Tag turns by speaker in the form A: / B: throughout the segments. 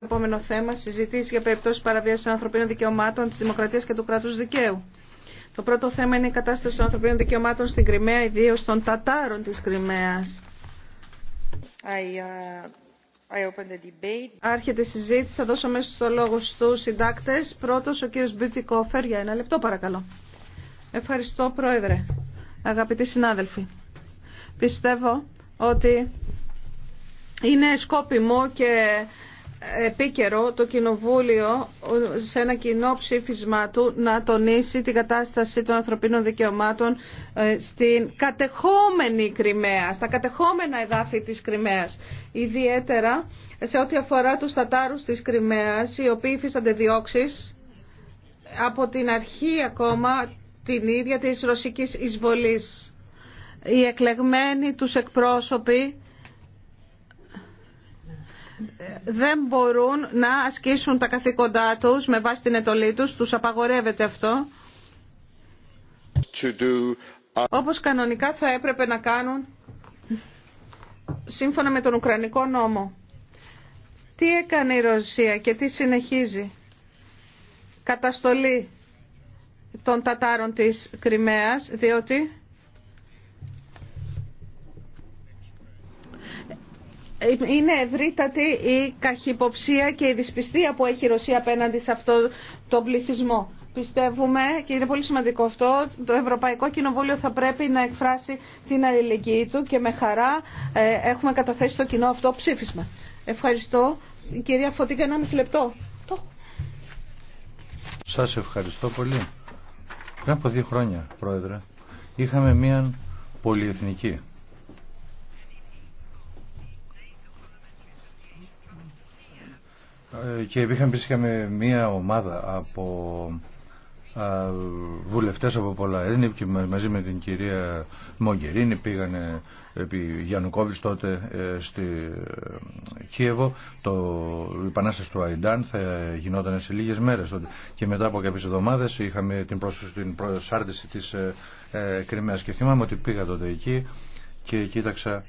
A: επόμενο θέμα συζητήσει για περιπτώσει παραβίαση των ανθρωπίνων δικαιωμάτων, τη δημοκρατία και του κράτου δικαίου. Το πρώτο θέμα είναι η κατάσταση των ανθρωπίνων δικαιωμάτων στην Κρυμαία, ιδίω των Τατάρων τη Κρυμαία. Uh, Άρχεται η συζήτηση. Θα δώσω μέσα στο λόγο στου συντάκτε. Πρώτο ο κύριο Μπιτζικόφερ για ένα λεπτό, παρακαλώ. Ευχαριστώ, Πρόεδρε. Αγαπητοί συνάδελφοι. Πιστεύω ότι είναι σκόπιμο και επίκαιρο το Κοινοβούλιο σε ένα κοινό ψήφισμά του να τονίσει την κατάσταση των ανθρωπίνων δικαιωμάτων ε, στην κατεχόμενη Κρυμαία, στα κατεχόμενα εδάφη της Κρυμαίας. Ιδιαίτερα σε ό,τι αφορά τους Τατάρους της Κρυμαίας, οι οποίοι υφίστανται διώξεις από την αρχή ακόμα την ίδια της ρωσικής εισβολής. Οι εκλεγμένοι τους εκπρόσωποι δεν μπορούν να ασκήσουν τα καθήκοντά τους με βάση την ετολή τους, τους απαγορεύεται αυτό,
B: uh, όπως
A: κανονικά θα έπρεπε να κάνουν σύμφωνα με τον Ουκρανικό νόμο. Τι έκανε η Ρωσία και τι συνεχίζει. Καταστολή των Τατάρων της Κρυμαίας, διότι είναι ευρύτατη η καχυποψία και η δυσπιστία που έχει η Ρωσία απέναντι σε αυτό τον πληθυσμό. Πιστεύουμε, και είναι πολύ σημαντικό αυτό, το Ευρωπαϊκό Κοινοβούλιο θα πρέπει να εκφράσει την αλληλεγγύη του και με χαρά ε, έχουμε καταθέσει το κοινό αυτό ψήφισμα. Ευχαριστώ. Κυρία Φωτήκα, ένα μισή λεπτό.
B: Σας ευχαριστώ πολύ. Πριν από δύο χρόνια, Πρόεδρε, είχαμε μία πολυεθνική Ε, και είχαμε μια ομάδα από βουλευτές από πολλά έννοια και μαζί με την κυρία Μογκερίνη πήγανε επί Γιαννουκόβης τότε ε, στη ε, Κίεβο το επανάσταση του Αϊντάν θα γινόταν σε λίγες μέρες τότε. και μετά από κάποιες εβδομάδες είχαμε την, την προσάρτηση της ε, Κρυμαίας και θυμάμαι ότι πήγα τότε εκεί και κοίταξα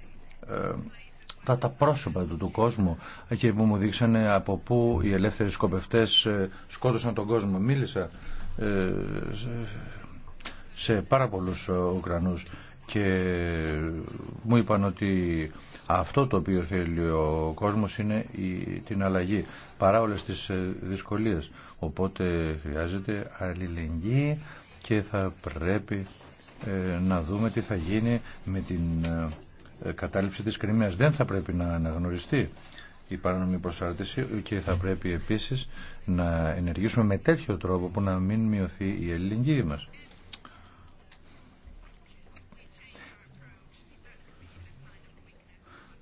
B: αυτά τα πρόσωπα του, του κόσμου και που μου δείξανε από πού οι ελεύθεροι σκοπευτές ε, σκότωσαν τον κόσμο. Μίλησα ε, σε πάρα πολλούς ε, Ουκρανούς και μου είπαν ότι αυτό το οποίο θέλει ο κόσμος είναι η, την αλλαγή παρά όλες τις δυσκολίες. Οπότε χρειάζεται αλληλεγγύη και θα πρέπει να δούμε τι θα γίνει με την ε, κατάληψη της Κρυμαίας. Δεν θα πρέπει να αναγνωριστεί η παράνομη προσάρτηση και θα πρέπει επίσης να ενεργήσουμε με τέτοιο τρόπο που να μην μειωθεί η ελληνική μας.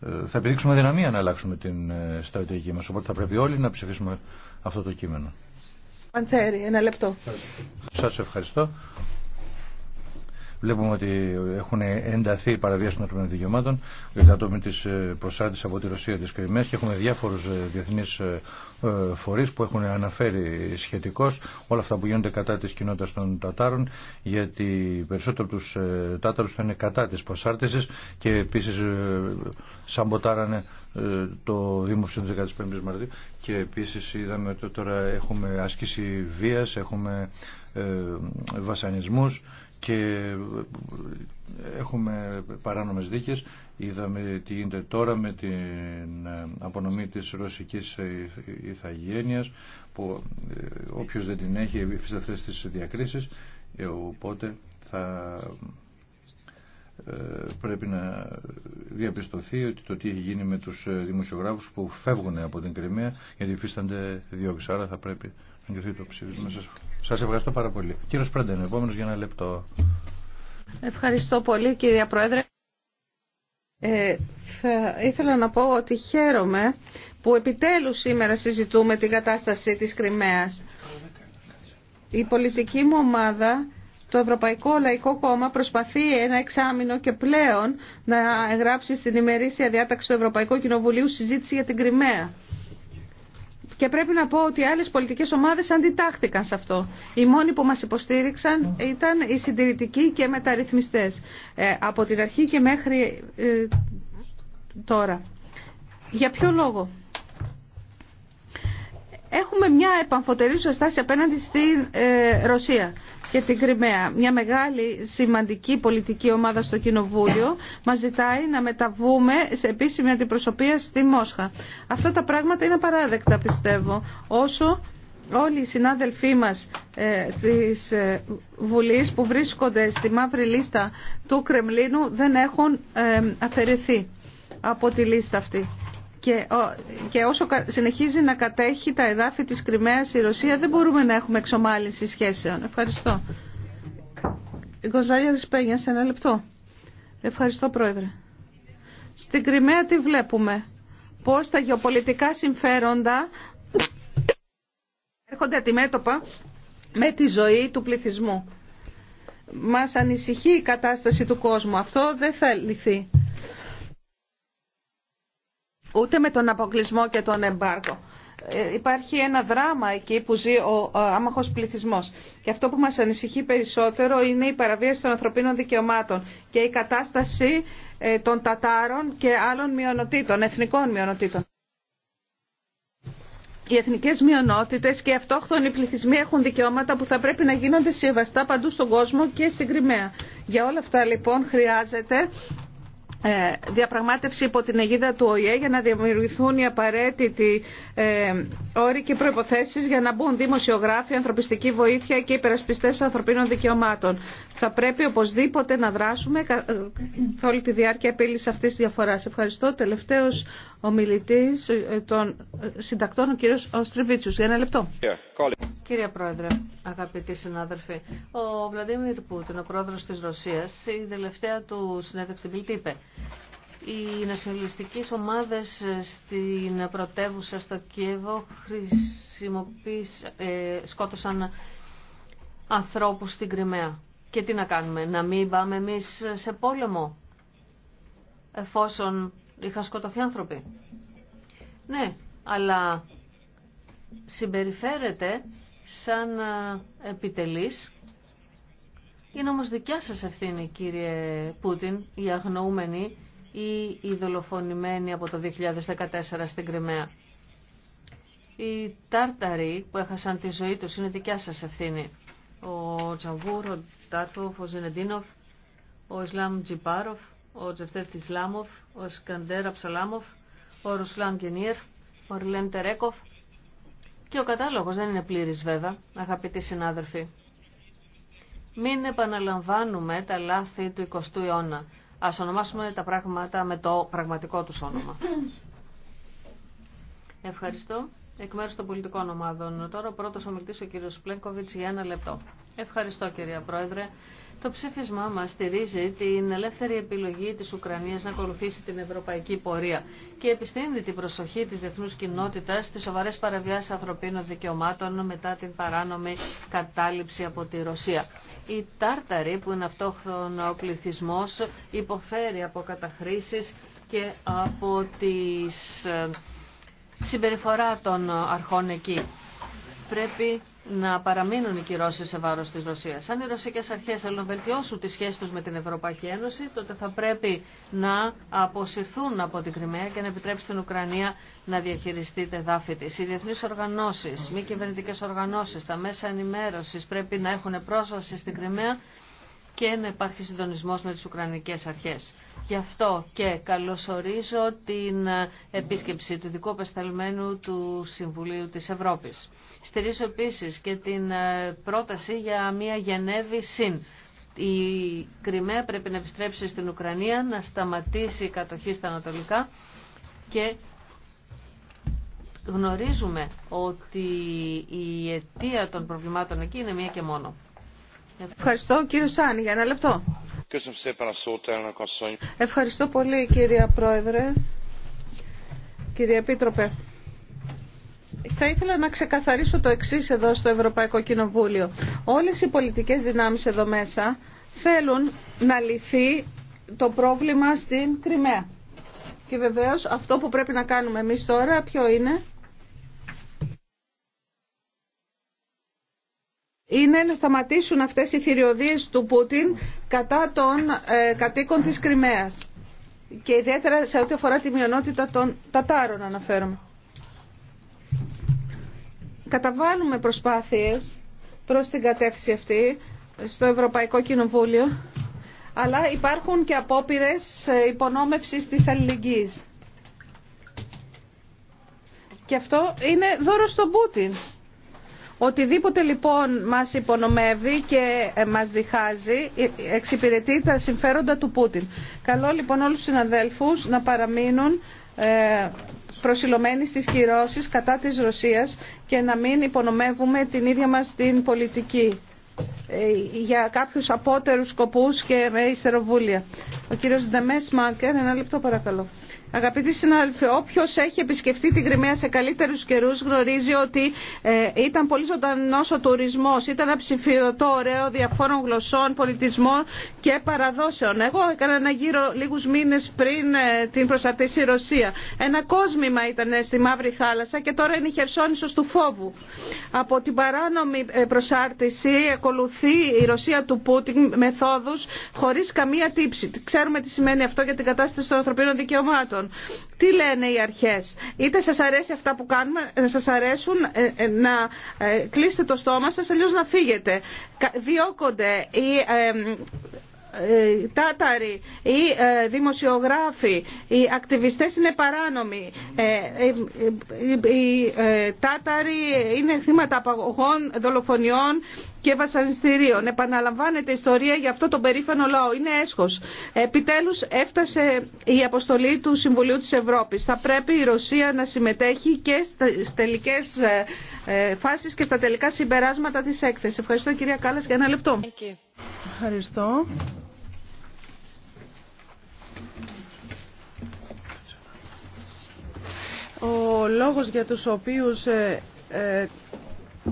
B: Ε, θα επιδείξουμε δυναμία να αλλάξουμε την ε, στρατηγική μας, οπότε θα πρέπει όλοι να ψηφίσουμε αυτό το κείμενο.
A: Παντσέρι, ένα λεπτό.
B: Σας ευχαριστώ. Βλέπουμε ότι έχουν ενταθεί οι των ανθρωπίνων δικαιωμάτων με τη ε, προσάρτηση από τη Ρωσία τη Κρυμαία και έχουμε διάφορου ε, διεθνεί ε, φορεί που έχουν αναφέρει σχετικώ όλα αυτά που γίνονται κατά τη κοινότητα των Τατάρων, γιατί περισσότερο από του Τάταρου θα είναι κατά τη προσάρτηση και επίση σαμποτάρανε το Δήμο τη 15η Μαρτίου και επίση είδαμε ότι τώρα έχουμε άσκηση βία, έχουμε βασανισμούς και ε, έχουμε παράνομες δίκες. Είδαμε τι γίνεται τώρα με την ε, απονομή της ρωσικής ε, ηθαγένειας που όποιος δεν την έχει υφίσταται αυτές τις διακρίσεις οπότε θα πρέπει να διαπιστωθεί ότι το τι έχει γίνει με τους δημοσιογράφους που φεύγουν από την Κρυμαία γιατί υφίστανται διώξεις. Άρα θα πρέπει εγκριθεί ευχαριστώ πάρα πολύ. Κύριος Πρέντεν, επόμενο για ένα λεπτό.
A: Ευχαριστώ πολύ κυρία Πρόεδρε. Ε, θα ήθελα να πω ότι χαίρομαι που επιτέλους σήμερα συζητούμε την κατάσταση της Κρυμαίας. Η πολιτική μου ομάδα, το Ευρωπαϊκό Λαϊκό Κόμμα, προσπαθεί ένα εξάμεινο και πλέον να εγγράψει στην ημερήσια διάταξη του Ευρωπαϊκού Κοινοβουλίου συζήτηση για την Κρυμαία. Και πρέπει να πω ότι άλλε πολιτικές ομάδες αντιτάχθηκαν σε αυτό. Οι μόνοι που μας υποστήριξαν ήταν οι συντηρητικοί και μεταρρυθμιστές. Ε, από την αρχή και μέχρι ε, τώρα. Για ποιο λόγο. Έχουμε μια επαμφωτερή στάση απέναντι στην ε, Ρωσία και την Κρυμαία. Μια μεγάλη σημαντική πολιτική ομάδα στο Κοινοβούλιο μα ζητάει να μεταβούμε σε επίσημη αντιπροσωπεία στη Μόσχα. Αυτά τα πράγματα είναι απαράδεκτα πιστεύω. Όσο όλοι οι συνάδελφοί μας ε, της ε, Βουλής που βρίσκονται στη μαύρη λίστα του Κρεμλίνου δεν έχουν ε, αφαιρεθεί από τη λίστα αυτή και, όσο συνεχίζει να κατέχει τα εδάφη της Κρυμαίας η Ρωσία δεν μπορούμε να έχουμε εξομάλυνση σχέσεων. Ευχαριστώ. Γκοζάλια Ρισπένια, σε ένα λεπτό. Ευχαριστώ Πρόεδρε. Στην Κρυμαία τι βλέπουμε. Πώς τα γεωπολιτικά συμφέροντα έρχονται αντιμέτωπα με τη ζωή του πληθυσμού. Μας ανησυχεί η κατάσταση του κόσμου. Αυτό δεν θα λυθεί ούτε με τον αποκλεισμό και τον εμπάργο. Ε, υπάρχει ένα δράμα εκεί που ζει ο άμαχος πληθυσμός. Και αυτό που μας ανησυχεί περισσότερο είναι η παραβίαση των ανθρωπίνων δικαιωμάτων και η κατάσταση ε, των Τατάρων και άλλων μειονοτήτων, εθνικών μειονοτήτων. Οι εθνικέ μειονότητε και οι αυτόχθονοι πληθυσμοί έχουν δικαιώματα που θα πρέπει να γίνονται σεβαστά παντού στον κόσμο και στην Κρυμαία. Για όλα αυτά λοιπόν χρειάζεται ε, διαπραγμάτευση υπό την αιγίδα του ΟΗΕ για να δημιουργηθούν οι απαραίτητοι ε, όροι και προϋποθέσεις για να μπουν δημοσιογράφοι, ανθρωπιστική βοήθεια και υπερασπιστές ανθρωπίνων δικαιωμάτων. Θα πρέπει οπωσδήποτε να δράσουμε ε, σε όλη τη διάρκεια επίλυση αυτή τη διαφορά. Ευχαριστώ. Τελευταίος ο μιλητής ε, των ε, συντακτών, ο κύριος Οστριβίτσιος. Για ένα λεπτό.
C: Κύριε Πρόεδρε, αγαπητοί συνάδελφοι, ο Βλαντίμιρ Πούτιν, ο πρόεδρο τη Ρωσίας, η τελευταία του συνέντευξη στην είπε οι νασιολιστικές ομάδες στην πρωτεύουσα στο Κίεβο ε, σκότωσαν ανθρώπους στην Κρυμαία. Και τι να κάνουμε, να μην πάμε εμείς σε πόλεμο, εφόσον είχαν σκοτωθεί άνθρωποι. Ναι, αλλά συμπεριφέρεται σαν ε, επιτελής. Είναι όμως δικιά σας ευθύνη κύριε Πούτιν, οι αγνοούμενοι ή οι δολοφονημένοι από το 2014 στην Κρυμαία. Οι Τάρταροι που έχασαν τη ζωή τους είναι δικιά σας ευθύνη. Ο Τζαβούρ, ο Τάρθοφ, ο Ζενεντίνοφ, ο Ισλάμ Τζιπάροφ, ο Τζεφτέφ Ισλάμοφ, ο Σκαντέρα Ψαλάμοφ, ο Ρουσλάν Κενίερ, ο Ριλέν Τερέκοφ και ο κατάλογος δεν είναι πλήρης βέβαια, αγαπητοί συνάδελφοι. Μην επαναλαμβάνουμε τα λάθη του 20ου αιώνα. Ας ονομάσουμε τα πράγματα με το πραγματικό τους όνομα. Ευχαριστώ. Εκ μέρους των πολιτικών ομάδων. Τώρα ο πρώτος ομιλητής ο κύριος Πλένκοβιτς για ένα λεπτό. Ευχαριστώ κυρία Πρόεδρε. Το ψήφισμά μας στηρίζει την ελεύθερη επιλογή της Ουκρανίας να ακολουθήσει την ευρωπαϊκή πορεία και επιστένει την προσοχή τη διεθνού κοινότητα, στις σοβαρέ παραβιάσει ανθρωπίνων δικαιωμάτων μετά την παράνομη κατάληψη από τη Ρωσία. Η Τάρταρη, που είναι αυτόχθον ο πληθυσμό, υποφέρει από καταχρήσει και από τη ε, συμπεριφορά των αρχών εκεί. Πρέπει να παραμείνουν οι κυρώσει σε βάρο τη Ρωσία. Αν οι ρωσικέ αρχέ θέλουν να βελτιώσουν τι σχέσει του με την Ευρωπαϊκή Ένωση, τότε θα πρέπει να αποσυρθούν από την Κρυμαία και να επιτρέψει την Ουκρανία να διαχειριστεί τα εδάφη τη. Οι διεθνεί οργανώσει, μη κυβερνητικέ οργανώσει, τα μέσα ενημέρωση πρέπει να έχουν πρόσβαση στην Κρυμαία και να υπάρχει συντονισμό με τι Ουκρανικέ αρχέ. Γι' αυτό και καλωσορίζω την επίσκεψη του δικού πεσταλμένου του Συμβουλίου της Ευρώπης. Στηρίζω επίσης και την ε, πρόταση για μια Γενέβη ΣΥΝ. Η Κρυμαία πρέπει να επιστρέψει στην Ουκρανία, να σταματήσει η κατοχή στα Ανατολικά και γνωρίζουμε ότι η αιτία των προβλημάτων εκεί είναι μία και μόνο.
A: Ευχαριστώ κύριο Σάνη για ένα λεπτό. Ευχαριστώ πολύ κύριε Πρόεδρε. κύριε Επίτροπε, θα ήθελα να ξεκαθαρίσω το εξή εδώ στο Ευρωπαϊκό Κοινοβούλιο. Όλες οι πολιτικές δυνάμεις εδώ μέσα θέλουν να λυθεί το πρόβλημα στην Κρυμαία. Και βεβαίως αυτό που πρέπει να κάνουμε εμείς τώρα ποιο είναι είναι να σταματήσουν αυτές οι θηριωδίες του Πούτιν κατά των ε, κατοίκων της Κρυμαίας. Και ιδιαίτερα σε ό,τι αφορά τη μειονότητα των Τατάρων αναφέρομαι. Καταβάλουμε προσπάθειες προς την κατεύθυνση αυτή στο Ευρωπαϊκό Κοινοβούλιο, αλλά υπάρχουν και απόπειρες ε, υπονόμευσης της αλληλεγγύης. Και αυτό είναι δώρο στον Πούτιν. Οτιδήποτε λοιπόν μας υπονομεύει και ε, μας διχάζει ε, εξυπηρετεί τα συμφέροντα του Πούτιν. Καλό λοιπόν όλους τους συναδέλφους να παραμείνουν ε, προσιλωμένοι στις κυρώσεις κατά της Ρωσίας και να μην υπονομεύουμε την ίδια μας την πολιτική για κάποιους απότερους σκοπούς και με ιστεροβούλια. Ο κύριος Ντεμές Μάρκερ, ένα λεπτό παρακαλώ. Αγαπητοί συνάδελφοι, όποιο έχει επισκεφτεί την Κρυμαία σε καλύτερου καιρού γνωρίζει ότι ε, ήταν πολύ ζωντανό ο τουρισμό. Ήταν αψηφιωτό, ωραίο, διαφόρων γλωσσών, πολιτισμών και παραδόσεων. Εγώ έκανα ένα γύρο λίγου μήνε πριν ε, την προσαρτήση Ρωσία. Ένα κόσμημα ήταν ε, στη Μαύρη Θάλασσα και τώρα είναι η χερσόνησο του φόβου. Από την παράνομη προσάρτηση ακολουθεί η Ρωσία του Πούτιν μεθόδου χωρί καμία τύψη. Ξέρουμε τι σημαίνει αυτό για την κατάσταση των ανθρωπίνων δικαιωμάτων. Τι λένε οι αρχές. Είτε σας αρέσει αυτά που κάνουμε, να σας αρέσουν ε, ε, να ε, κλείσετε το στόμα σας, αλλιώς να φύγετε. Διώκονται οι Τάταροι, οι δημοσιογράφοι, οι ακτιβιστές είναι παράνομοι. Οι Τάταροι είναι θύματα απαγωγών, δολοφονιών και βασανιστήριων. Επαναλαμβάνεται η ιστορία για αυτό τον περήφανο λαό. Είναι έσχο. Επιτέλου, έφτασε η αποστολή του Συμβουλίου τη Ευρώπη. Θα πρέπει η Ρωσία να συμμετέχει και στι τελικέ ε, ε, φάσει και στα τελικά συμπεράσματα τη έκθεση. Ευχαριστώ κυρία Κάλλα για ένα λεπτό. Ευχαριστώ.
D: Ο λόγος για τους οποίους ε,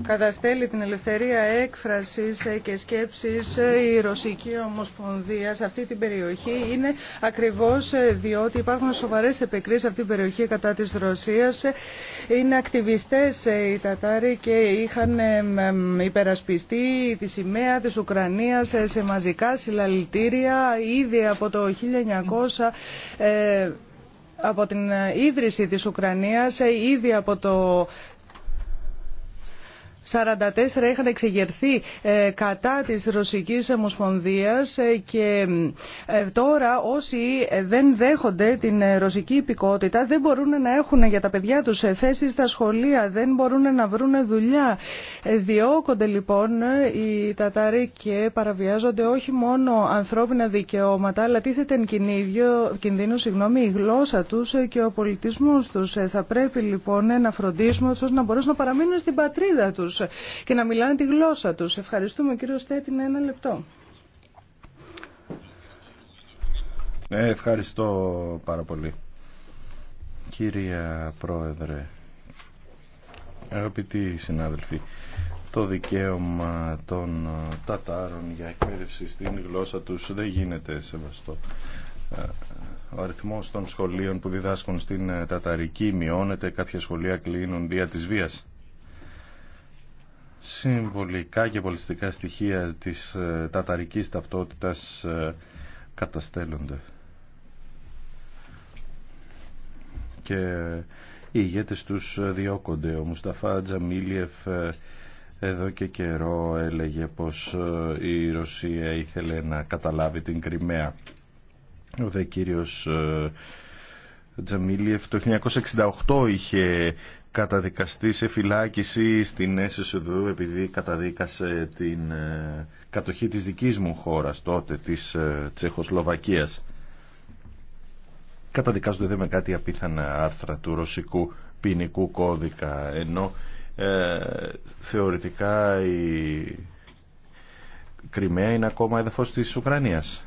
D: καταστέλει την ελευθερία έκφρασης και σκέψης η Ρωσική Ομοσπονδία σε αυτή την περιοχή είναι ακριβώς ε, διότι υπάρχουν σοβαρές επικρίσεις σε αυτή την περιοχή κατά της Ρωσίας. Είναι ακτιβιστές ε, οι Τατάροι και είχαν ε, υπερασπιστεί τη σημαία της Ουκρανίας σε μαζικά συλλαλητήρια ήδη από το 1900 από την ίδρυση της Ουκρανίας ήδη από το 44 είχαν εξεγερθεί ε, κατά της Ρωσικής Ομοσπονδίας ε, και ε, τώρα όσοι δεν δέχονται την ρωσική υπηκότητα δεν μπορούν να έχουν για τα παιδιά τους θέσεις στα σχολεία, δεν μπορούν να βρουν δουλειά. Διώκονται λοιπόν οι Τατάροι και παραβιάζονται όχι μόνο ανθρώπινα δικαιώματα αλλά τίθεται εν κινδύνο συγγνώμη, η γλώσσα τους και ο πολιτισμός τους. Θα πρέπει λοιπόν να φροντίσουμε ώστε να μπορέσουν να παραμείνουν στην πατρίδα τους. Ε, και να μιλάνε τη γλώσσα τους. Ευχαριστούμε κύριο Στέπινα ένα λεπτό.
E: Ε, ευχαριστώ πάρα πολύ. Κύρια Πρόεδρε, αγαπητοί συνάδελφοι, το δικαίωμα των ε, Τατάρων για εκπαίδευση στην γλώσσα τους δεν γίνεται σεβαστό. Ο αριθμός των σχολείων που διδάσκουν στην Ταταρική μειώνεται, κάποια σχολεία κλείνουν δια της βίας συμβολικά και πολιτιστικά στοιχεία της ε, ταταρικής ταυτότητας ε, καταστέλλονται. Και οι ηγέτες τους ε, διώκονται. Ο Μουσταφά Τζαμίλιεφ εδώ και καιρό έλεγε πως η Ρωσία ήθελε να καταλάβει την Κρυμαία. Ο δε κύριος Τζαμίλιεφ το 1968 είχε καταδικαστεί σε φυλάκιση στην Έσεσοδο επειδή καταδίκασε την ε, κατοχή της δικής μου χώρας τότε, της ε, Τσεχοσλοβακίας. Καταδικάζονται δε με κάτι απίθανα άρθρα του ρωσικού ποινικού κώδικα, ενώ ε, θεωρητικά η Κρυμαία είναι ακόμα έδαφος της Ουκρανίας.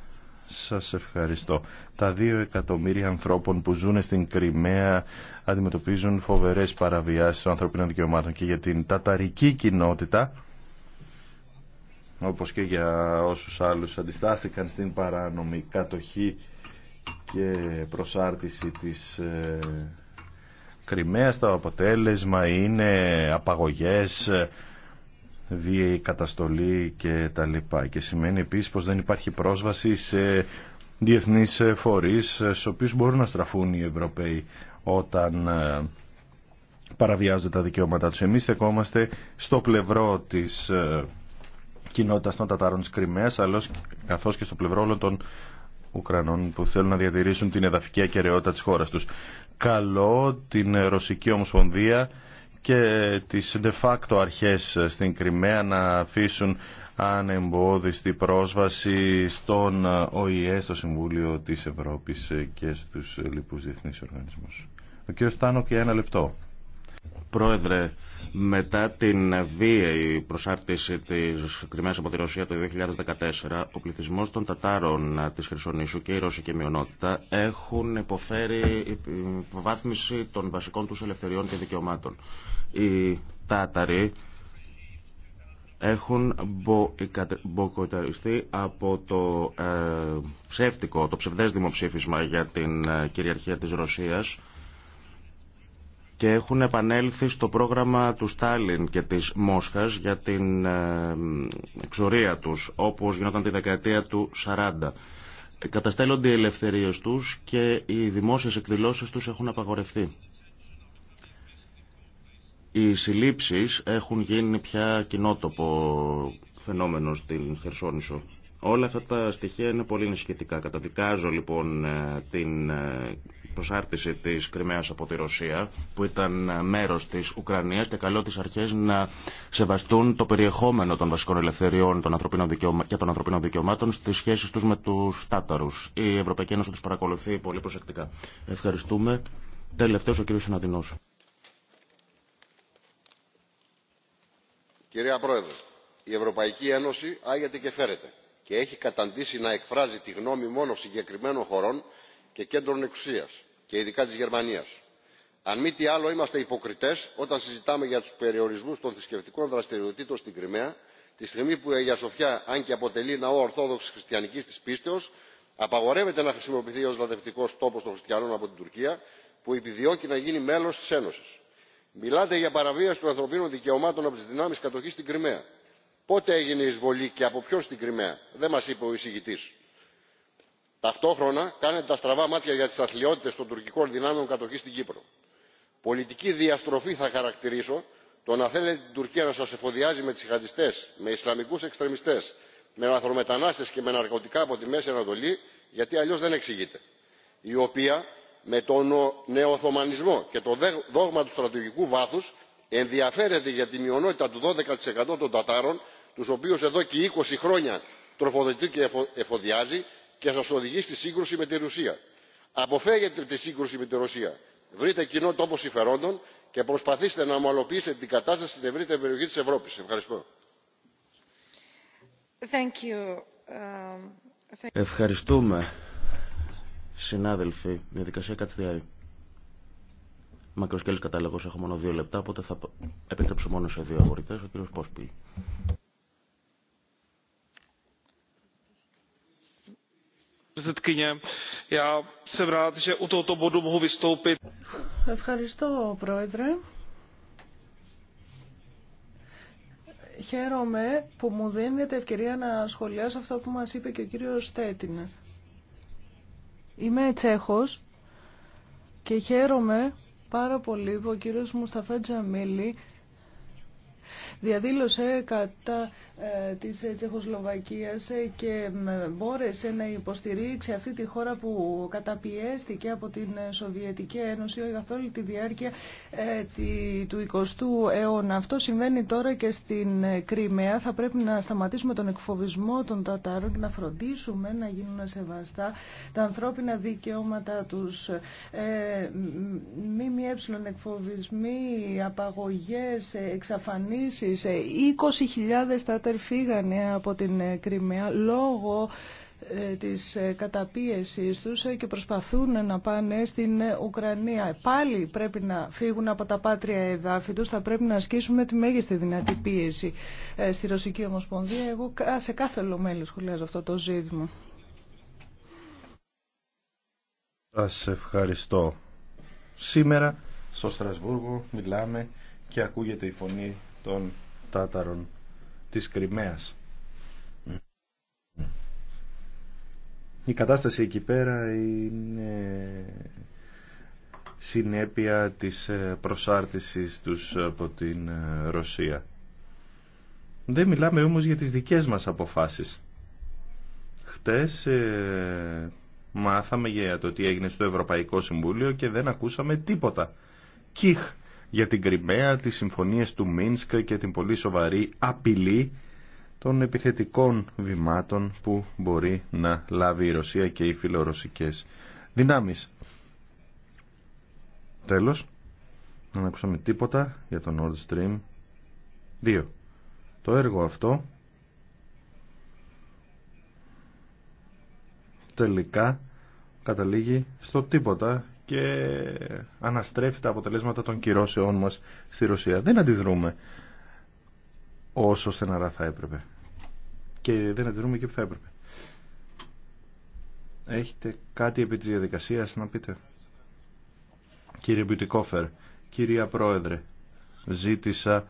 E: Σας ευχαριστώ. Τα δύο εκατομμύρια ανθρώπων που ζουν στην Κρυμαία αντιμετωπίζουν φοβερές παραβιάσεις των ανθρωπίνων δικαιωμάτων και για την ταταρική κοινότητα όπως και για όσους άλλους αντιστάθηκαν στην παράνομη κατοχή και προσάρτηση της ε, Κρυμαίας. Το αποτέλεσμα είναι απαγωγές, βίαιη καταστολή και τα λοιπά. Και σημαίνει επίσης πως δεν υπάρχει πρόσβαση σε διεθνείς φορείς στου οποίου μπορούν να στραφούν οι Ευρωπαίοι όταν ε, παραβιάζονται τα δικαιώματά τους. Εμείς στεκόμαστε στο πλευρό της ε, κοινότητας των Τατάρων της Κρυμαίας καθώς και στο πλευρό όλων των Ουκρανών που θέλουν να διατηρήσουν την εδαφική ακεραιότητα της χώρας τους. Καλό την Ρωσική Ομοσπονδία και τις de facto αρχές στην Κρυμαία να αφήσουν ανεμπόδιστη πρόσβαση στον ΟΗΕ, στο Συμβούλιο της Ευρώπης και στους
F: λοιπούς διεθνείς οργανισμούς. Ο κ. και ένα λεπτό. Πρόεδρε, μετά την βίαιη προσάρτηση της Κρυμαίας από τη Ρωσία το 2014, ο πληθυσμός των Τατάρων της Χρυσονήσου και η Ρώσικη μειονότητα έχουν υποφέρει υποβάθμιση των βασικών τους ελευθεριών και δικαιωμάτων. Οι Τάταροι έχουν μποκοταριστεί από το ε, ψεύτικο, το ψευδές δημοψήφισμα για την ε, κυριαρχία της Ρωσίας και έχουν επανέλθει στο πρόγραμμα του Στάλιν και της Μόσχας για την ε, εξορία τους, όπως γινόταν τη δεκαετία του 40. Καταστέλλονται οι ελευθερίες τους και οι δημόσιες εκδηλώσεις τους έχουν απαγορευτεί. Οι συλλήψεις έχουν γίνει πια κοινότοπο φαινόμενο στην Χερσόνησο. Όλα αυτά τα στοιχεία είναι πολύ ενισχυτικά. Καταδικάζω λοιπόν ε, την ε, προσάρτηση της Κρυμαίας από τη Ρωσία που ήταν μέρος της Ουκρανίας και καλώ τις αρχές να σεβαστούν το περιεχόμενο των βασικών ελευθεριών των και των ανθρωπίνων δικαιωμάτων στις σχέσεις τους με τους Τάταρους. Η Ευρωπαϊκή Ένωση τους παρακολουθεί πολύ προσεκτικά. Ευχαριστούμε. Τελευταίος ο κύριος Συναδεινός.
G: Κυρία Πρόεδρε, η Ευρωπαϊκή Ένωση άγεται και φέρεται και έχει καταντήσει να εκφράζει τη γνώμη μόνο συγκεκριμένων χωρών και κέντρων εξουσίας και ειδικά της γερμανίας. αν μη τι άλλο είμαστε υποκριτές όταν συζητάμε για τους περιορισμούς των θρησκευτικών δραστηριοτήτων στην κρυμαία τη στιγμή που η αγία σοφιά αν και αποτελεί ναό ορθόδοξης χριστιανικής της πίστεως απαγορεύεται να χρησιμοποιηθεί ως λαδευτικό τόπος των χριστιανών από την τουρκία που επιδιώκει να γίνει μέλος της ένωσης. μιλάτε για παραβίαση των ανθρωπίνων δικαιωμάτων από τι δυνάμει κατοχή στην κρυμαία. πότε έγινε η εισβολή και από ποιον στην κρυμαία; δεν μα είπε ο εισηγητής ταυτόχρονα κάνετε τα στραβά μάτια για τις αθλειότητες των τουρκικών δυνάμεων κατοχής στην κύπρο. πολιτική διαστροφή θα χαρακτηρίσω το να θέλετε την τουρκία να σας εφοδιάζει με τζιχαντιστές με ισλαμικούς εξτρεμιστές με λαθρομετανάστες και με ναρκωτικά από τη μέση ανατολή γιατί αλλιώς δεν εξηγείται η οποία με τον νεοοθωμανισμό και το δόγμα του στρατηγικού βάθους ενδιαφέρεται για τη μειονότητα του 12% των τατάρων τους οποίους εδώ και 20 χρόνια τροφοδοτεί και εφοδιάζει και σα οδηγεί στη σύγκρουση με τη ρωσία. Αποφέγετε τη σύγκρουση με τη ρωσία βρείτε κοινό τόπο συμφερόντων και προσπαθήστε να ομαλοποιήσετε την κατάσταση στην ευρύτερη περιοχή τη Ευρώπη. ευχαριστώ.
A: Um,
F: Ευχαριστούμε, συνάδελφοι. μια δικασία Διαδικασία Κατσδιάη. Μακροσκέλης κατάλογος, έχω μόνο δύο λεπτά, οπότε θα επιτρέψω μόνο σε δύο αγορητές, ο κύριος Πόσπιλ.
D: Ευχαριστώ, Πρόεδρε. Χαίρομαι που μου δίνετε ευκαιρία να σχολιάσω αυτό που μας είπε και ο κύριος Στέτιν. Είμαι Τσέχος και χαίρομαι πάρα πολύ που ο κύριος Μουσταφέ Τζαμίλη διαδήλωσε κατά ε, της ε, Τσεχοσλοβακίας ε, και μπόρεσε να υποστηρίξει αυτή τη χώρα που καταπιέστηκε από την Σοβιετική Ένωση καθ' όλη τη διάρκεια του 20ου αιώνα. Αυτό συμβαίνει τώρα και στην Κρυμαία. Θα πρέπει να σταματήσουμε τον εκφοβισμό των Τατάρων και να φροντίσουμε να γίνουν σεβαστά τα ανθρώπινα δικαιώματα τους. Ε, έψιλον εκφοβισμοί, απαγωγές, εξαφανίσεις επίσης 20.000 ε, τάτερ φύγανε από την ε, Κρυμαία λόγω ε, της καταπίεσης τους και προσπαθούν να πάνε στην Ουκρανία. Πάλι πρέπει να φύγουν από τα πάτρια εδάφη τους, θα πρέπει να ασκήσουμε τη μέγιστη δυνατή πίεση στη Ρωσική Ομοσπονδία. Εγώ σε κάθε λομέλη σχολιάζω αυτό το ζήτημα.
E: Σας ευχαριστώ. Σήμερα στο Στρασβούργο μιλάμε και ακούγεται η φωνή των Τάταρων της Κρυμαίας. Η κατάσταση εκεί πέρα είναι συνέπεια της ε, προσάρτησης τους από την ε, Ρωσία. Δεν μιλάμε όμως για τις δικές μας αποφάσεις. Χτες ε, μάθαμε για το τι έγινε στο Ευρωπαϊκό Συμβούλιο και δεν ακούσαμε τίποτα. Κιχ για την Κρυμαία, τις συμφωνίες του Μίνσκ και την πολύ σοβαρή απειλή των επιθετικών βημάτων που μπορεί να λάβει η Ρωσία και οι φιλορωσικές δυνάμεις. Τέλος, δεν ακούσαμε τίποτα για τον Nord Stream 2. Το έργο αυτό τελικά καταλήγει στο τίποτα και αναστρέφει τα αποτελέσματα των κυρώσεών μας στη Ρωσία. Δεν αντιδρούμε όσο στεναρά θα έπρεπε. Και δεν αντιδρούμε και που θα έπρεπε. Έχετε κάτι επί της διαδικασίας να πείτε. Κύριε Μπιουτικόφερ, κυρία Πρόεδρε, ζήτησα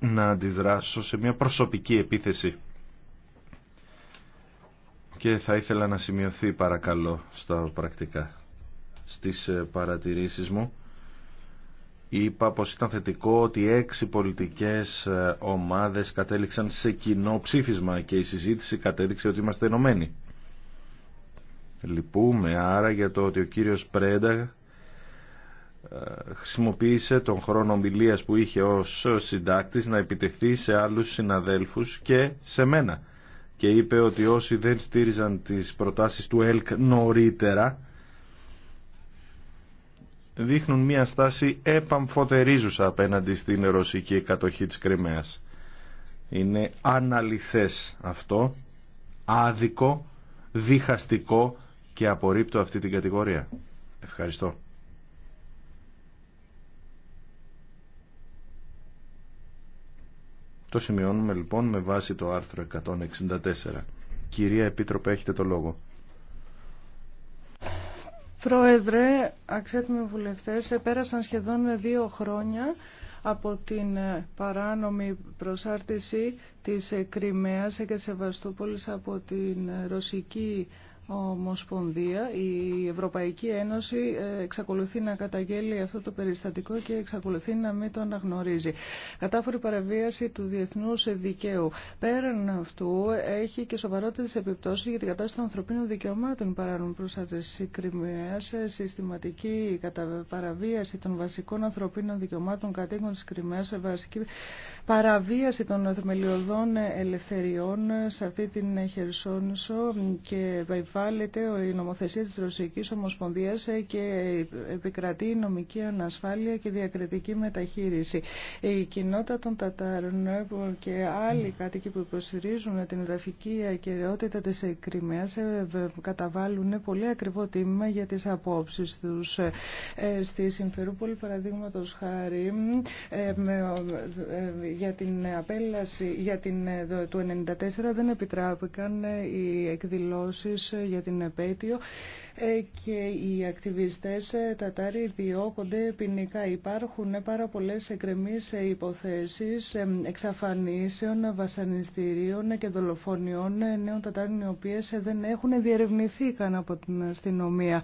E: να αντιδράσω σε μια προσωπική επίθεση. Και θα ήθελα να σημειωθεί παρακαλώ στα πρακτικά στις ε, παρατηρήσεις μου. Είπα πως ήταν θετικό ότι έξι πολιτικές ε, ομάδες κατέληξαν σε κοινό ψήφισμα και η συζήτηση κατέληξε ότι είμαστε ενωμένοι. Λυπούμε άρα για το ότι ο κύριος Πρέντα ε, χρησιμοποίησε τον χρόνο ομιλίας που είχε ως συντάκτης να επιτεθεί σε άλλους συναδέλφους και σε μένα και είπε ότι όσοι δεν στήριζαν τις προτάσεις του ΕΛΚ νωρίτερα δείχνουν μια στάση επαμφωτερίζουσα απέναντι στην ρωσική κατοχή της Κρυμαίας. Είναι αναλυθές αυτό, άδικο, διχαστικό και απορρίπτω αυτή την κατηγορία. Ευχαριστώ. Το σημειώνουμε λοιπόν με βάση το άρθρο 164. Κυρία Επίτροπε, έχετε το λόγο.
D: Πρόεδρε, αξιότιμοι βουλευτές, πέρασαν σχεδόν δύο χρόνια από την παράνομη προσάρτηση της Κρυμαίας και της Σεβαστούπολης από την ρωσική Ομοσπονδία. Η Ευρωπαϊκή Ένωση ε, εξακολουθεί να καταγγέλει αυτό το περιστατικό και εξακολουθεί να μην το αναγνωρίζει. Κατάφορη παραβίαση του διεθνούς δικαίου. Πέραν αυτού έχει και σοβαρότερε επιπτώσεις για την κατάσταση των ανθρωπίνων δικαιωμάτων παράνομη προστάτες Κρυμαία, ε, συστηματική παραβίαση των βασικών ανθρωπίνων δικαιωμάτων κατοίκων της Κρυμαίας, ε, βασική παραβίαση των θεμελιωδών ελευθεριών σε αυτή την Χερσόνησο και επιβάλλεται η νομοθεσία της Ρωσικής Ομοσπονδίας ε, και επικρατεί νομική ανασφάλεια και διακριτική μεταχείριση. Η κοινότητα των Τατάρων ε, και άλλοι κάτοικοι που υποστηρίζουν την εδαφική ακαιρεότητα της Κρυμαίας ε, καταβάλουν πολύ ακριβό τίμημα για τις απόψεις τους. Στη Συμφερούπολη, παραδείγματο χάρη, για την απέλαση για την, του 1994 δεν επιτράπηκαν οι εκδηλώσεις για την επέτειο ε, και οι ακτιβιστές ε, Τατάρι διώκονται ποινικά. Υπάρχουν ε, πάρα πολλές εκκρεμείς υποθέσεις εξαφανίσεων, βασανιστήριων και δολοφονιών νέων Τατάρων οι οποίες δεν έχουν διερευνηθεί καν από την αστυνομία.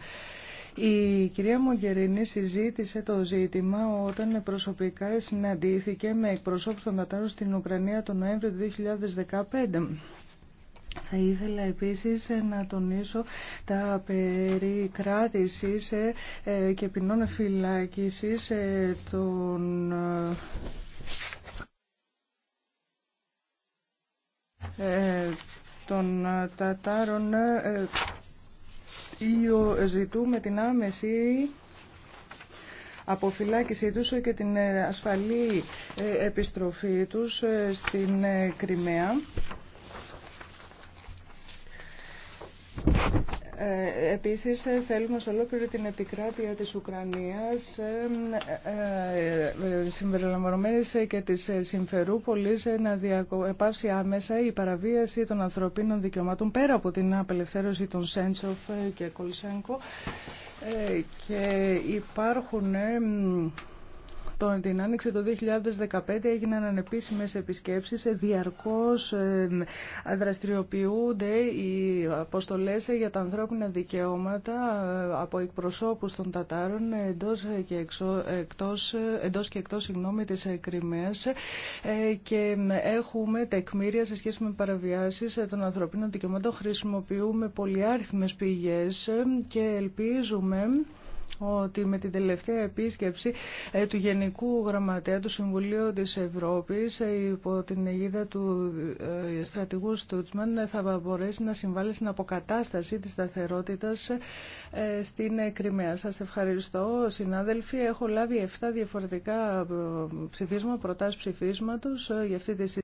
D: Η κυρία Μογκερίνη συζήτησε το ζήτημα όταν προσωπικά συναντήθηκε με εκπροσώπους των Τατάρων στην Ουκρανία τον Νοέμβριο του 2015. Θα ήθελα επίσης ε, να τονίσω τα περί κράτησης ε, ε, και ποινών φυλάκισης των των Τατάρων ζητούμε την άμεση αποφυλάκησή τους και την ασφαλή επιστροφή τους στην Κρυμαία. Ε, επίσης ε, θέλουμε σε ολόκληρη την επικράτεια της Ουκρανίας ε, συμπεριλαμβανομένης και της Συμφερούπολης να επάψει άμεσα η παραβίαση των ανθρωπίνων δικαιωμάτων πέρα από την απελευθέρωση των Σέντσοφ και Κολσένκο και υπάρχουν τον Την άνοιξη το 2015 έγιναν ανεπίσημες επισκέψεις, διαρκώς ε, δραστηριοποιούνται οι αποστολές για τα ανθρώπινα δικαιώματα ε, από εκπροσώπους των Τατάρων εντός και, εκτός, εντός και εκτός συγγνώμη, της Κρυμαίας ε, και έχουμε τεκμήρια σε σχέση με παραβιάσεις των ανθρωπίνων δικαιωμάτων. Χρησιμοποιούμε πολυάριθμες πηγές και ελπίζουμε ότι με την τελευταία επίσκεψη ε, του Γενικού Γραμματέα του Συμβουλίου της Ευρώπης ε, υπό την αιγίδα του ε, στρατηγού Στούτσμαν θα μπορέσει να συμβάλλει στην αποκατάσταση της σταθερότητας στην Κρυμαία. Σας ευχαριστώ συνάδελφοι. Έχω λάβει 7 διαφορετικά ψηφίσματα, προτάσεις ψηφίσματος για αυτή τη